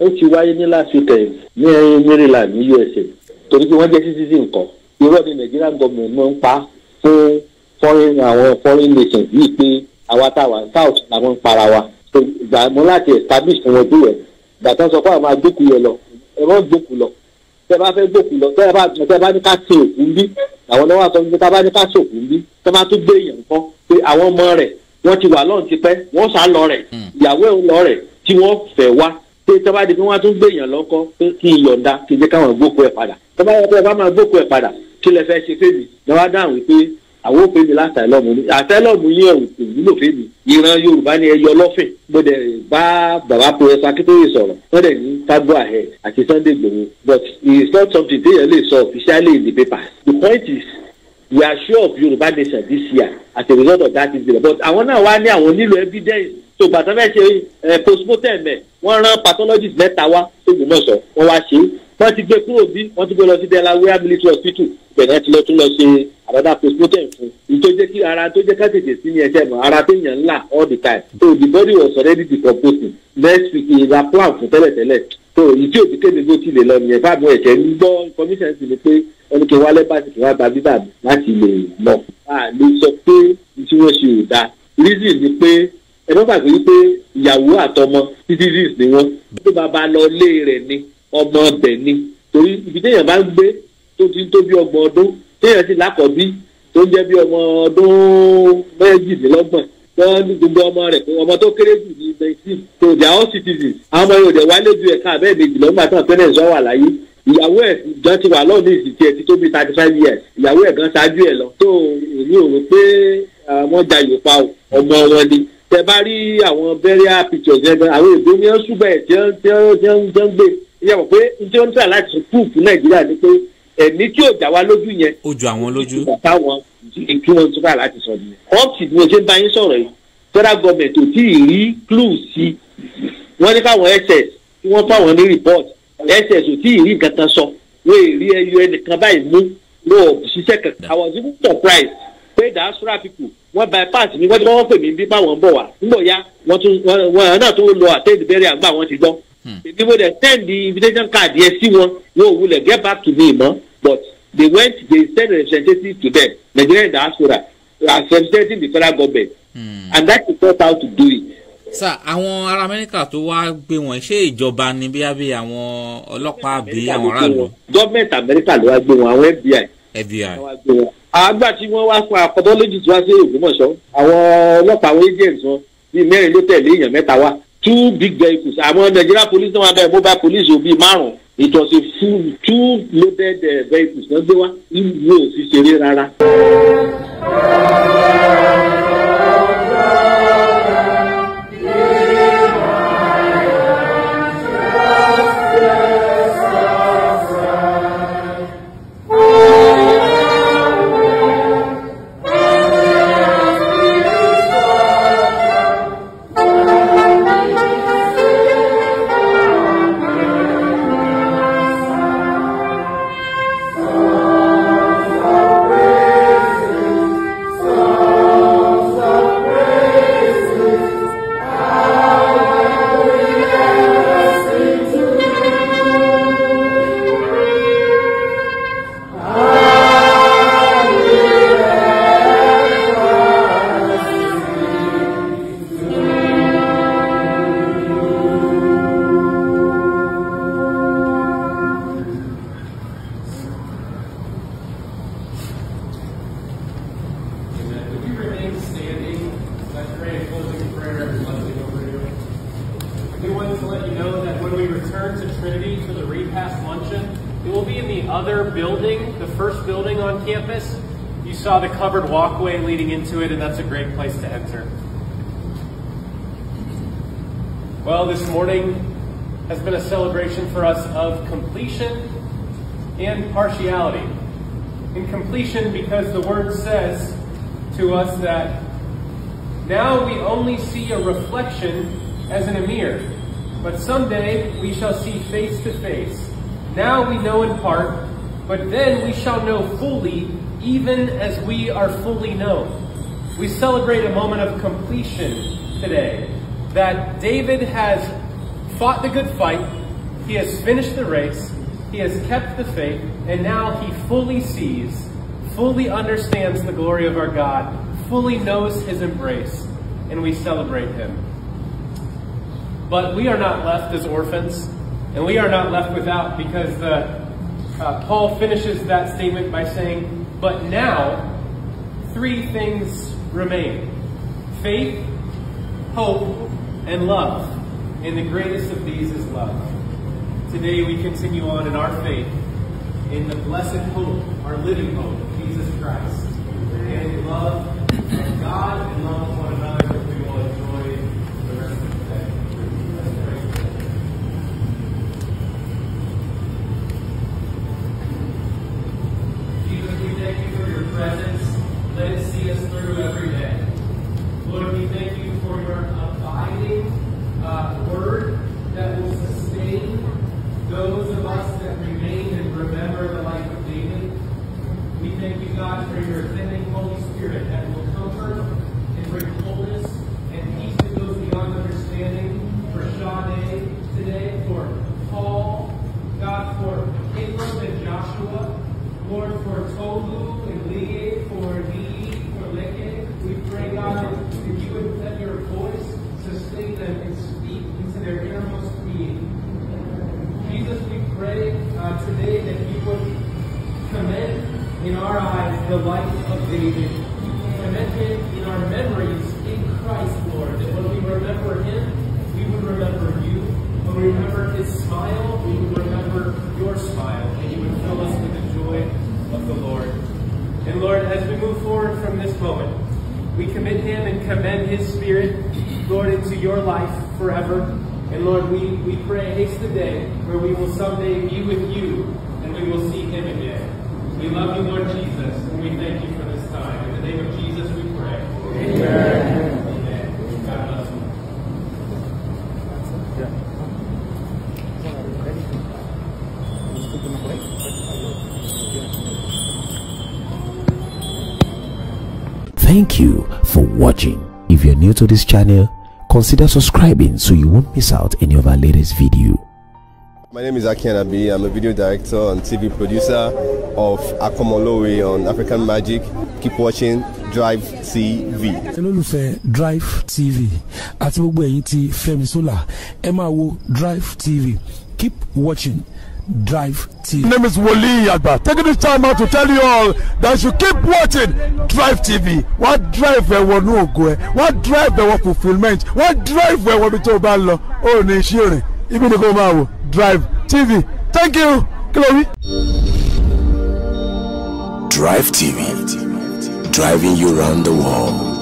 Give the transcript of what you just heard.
ó ti wáyé ní last weekend ní maryland usa torí pé wọ́n jẹ́ títí nǹkan irọ́ ni nigerian government máa ń pa fún foreign àwọn foreign nations yìí pé àwa táwa south la máa ń para wa ìgbà mú láti establish fún wọn bíyẹn ìgbà sọ pé àwọn máa yẹn lọ ẹ má lọ tẹ bá fẹ́ gbókù lọ tẹ bá ní ká ṣe òkú bí àwọn lọ́wọ́ àtọ́ nípa bá ní ká ṣe òkú bí tẹ bá tún gbé èèyàn kan pé àwọn ọmọ rẹ̀ wọ́n ti wà lọ́run tipẹ́ wọ́n sá lọ rẹ̀ hmm. ìyàwó ẹ̀ ń lọ rẹ̀ tí wọ́n fẹ́ wá pé tọ́ba di bí wọ́n tún gbé lọ́kọ́ pé kí n yọ̀ǹda kí n jẹ́ káwọn gbókò ẹ̀ padà tọ́ba yẹ kí ẹ bá máa gbókò ẹ̀ padà kí lẹ fẹ́ ṣe fèmí lọ́wọ́ dáhùn wípé àwọn òpè látàlọ́mù ni àtẹ́lọ́mù yín ẹ̀wù kò wúlò fèmí ìran Yorùbá ni ẹyọ lọ́fìn gbọ́dẹ̀ bá bàbá pẹ̀lẹ́sà kítóyè sọ̀rọ̀ gbọ́dẹ̀ ní tágbó àhẹ àti Sunday Igboho but it's not something téèyàn lè sọ officially in the papers the point is we are sure of Yorùbá nation this year as a result of that is the but àwọn náà wá ní àwọn nílò evidence so gbàtà fẹ́ ṣe postmortem ẹ̀ wọ́n rán pathologist mẹ́ta wá sógbómọ̀ṣọ́ wọ́n wá ṣe wọ́n ti gbé kúrò bí wọ́n ti gbé lọ sí Delaware military hospital bẹ̀rẹ̀ ti lọ tún lọ ṣe àbádá postmortem fún un tó jẹ́ kí ara tó jẹ́ kátètè sí ní ẹsẹ̀ mọ́ ara tó yàn ńlá all the time so the body was already decomposing next week ìlà plan fún tẹ́lẹ̀tẹ́lẹ̀ so ìdí òbí kéde bó ti lè lọ nìyẹn fáàmù ẹ̀jẹ̀ ń gbọ́ information sì ni pé ẹnikẹ́ wálé bá ti wá gba bíbà láti lè lọ. a lè sọ pé ìṣúwọ́ṣe ò dáa reason ni pé ẹ má gbàgbé wípé ìyàwó àtọmọ citizens ni wọ́n tó bàbá lọ lé rẹ̀ ni ọmọ ọbẹ̀ ni torí ibi téèyàn bá ń gbé tó ti ń tó bí ọgbọ̀n ọdún téèyàn sì lákọ̀ọ́bí tó ń jẹ́ bí ọmọ ọdún méjìdínlọ́gbọ̀n wọ́n ní gbogbo ọmọ rẹ̀ ọmọ tó kéré jù ní nineteen to their all citizens àwọn ọmọ Yorùbá wálé ju ẹ̀ka abẹ́ẹ̀ méjì lọ́gbà tán parents wà láyé ìyàwó ẹ̀ gan ti wà lọ́ọ̀dún ìsìtì ẹ̀ ti tó bí thirty five years ìyàwó ẹ̀ gan ṣáájú ẹ̀ lọ tó èmi ò rò pé àwọn ah, jayò pa ọmọ wọn ni tẹ bá rí àwọn burial pictures yẹn gan àwọn èdè ní ọ̀ṣù bẹ́ẹ̀ tí wọ́n tí wọ́n tí wọ́n tí wọ́n gbé yẹ wọ́n pé tí wọ́n ń tà láti proof nàìjíríà ni pé ẹ̀mí tí ò dá wa lójú yẹn ó ju àwọn lójú táwọn kí wọ́n tún bá láti sọ nìyẹn up to bí mo ṣe ń bá yín sọ̀rọ̀ yìí federal government ò tí ì rí clue sí wọ́n ní káwọn ss kí wọ́n fáwọn ní report ss ò tí ì rí nǹkan kan sọ wọ́n èrí ẹyọ ẹnìkan báyìí mú wọ́n ò ṣiṣẹ́ kankan I was even surprised pé dasura people wọ́n bypass mi wọ́n ti kọ́kọ́ pè mí bí báwọn bọ̀ wá nígbò ya wọ́n tún wọ́n náà tún lọ attend bẹ́rẹ̀ àgbà wọn ti gbọ́. Hmm. èmi mo dẹ̀ send the invitation card yẹn sí wọn wọn ò wulẹ̀ get back to me mọ́ but they went they send a representative to them Nigerian diaspora as representing the federal government mm. and that is not how to do it. sà àwọn ará amẹ́ríkà tó wá gbé wọn ṣé ìjọba ni bí abẹ́ àwọn ọlọ́pàá àbí àwọn aráàlú. gọ́ọ̀mẹ̀ntì amẹ́ríkà ló wá gbé wọn àwọn FBI. FBI àgbà tí wọ́n wá fún àkọ́bọ́ lójú tí wá sí Ògbómọ̀ṣọ́ àwọn ọlọ́pàá àwọn agents wọn bíi mẹ́rin ló tẹ̀lé èèyàn mẹ́ta wá two big vehicles àwọn Nigeria police náà wà bẹ́ẹ̀ mobile police ò bíi márùn-ún it was a full two loaded eh, vehicles náà gbé wá ìlú ò sì ṣeré rárá. in closing prayer I do want to let you know that when we return to Trinity for the repast luncheon, it will be in the other building, the first building on campus. You saw the covered walkway leading into it, and that's a great place to enter. Well, this morning has been a celebration for us of completion and partiality. In completion, because the Word says to us that now we only see a reflection as in a mirror, but someday we shall see face to face. Now we know in part, but then we shall know fully, even as we are fully known. We celebrate a moment of completion today, that David has fought the good fight, he has finished the race, he has kept the faith, and now he fully sees fully understands the glory of our God, fully knows his embrace, and we celebrate him. But we are not left as orphans, and we are not left without because the, uh, uh, Paul finishes that statement by saying, But now, three things remain faith, hope, and love. And the greatest of these is love. Today we continue on in our faith, in the blessed hope, our living hope. Christ. And love, his spirit, Lord, into your life forever. And Lord, we, we pray, haste the day where we will someday be with you and we will see him again. We love you, Lord Jesus, and we thank you for this time. In the name of Jesus, we pray. Amen. Amen. Thank you for watching. If you're new to this channel, consider subscribing so you won't miss out any of our latest video. My name is Aki I'm a video director and TV producer of Akomolowe on African Magic. Keep watching Drive TV. olólùfẹ́ Drive TV àti gbogbo ẹ̀yin Fẹ́mi Sola ẹ Drive TV. Keep watching. Drive TV. name is Wole Agba taking this time out to tell you all that you keep watching Drive TV wá drive ẹ̀wọ̀ ní ògo ẹ̀ wá drive ẹ̀wọ̀ fulfilment wá drive ẹ̀wọ̀ bí tó o bá lọ ó ní iṣẹ́ òrìn ibi ní kò máa wò Drive TV thank you kí Drive TV, driving you round the world.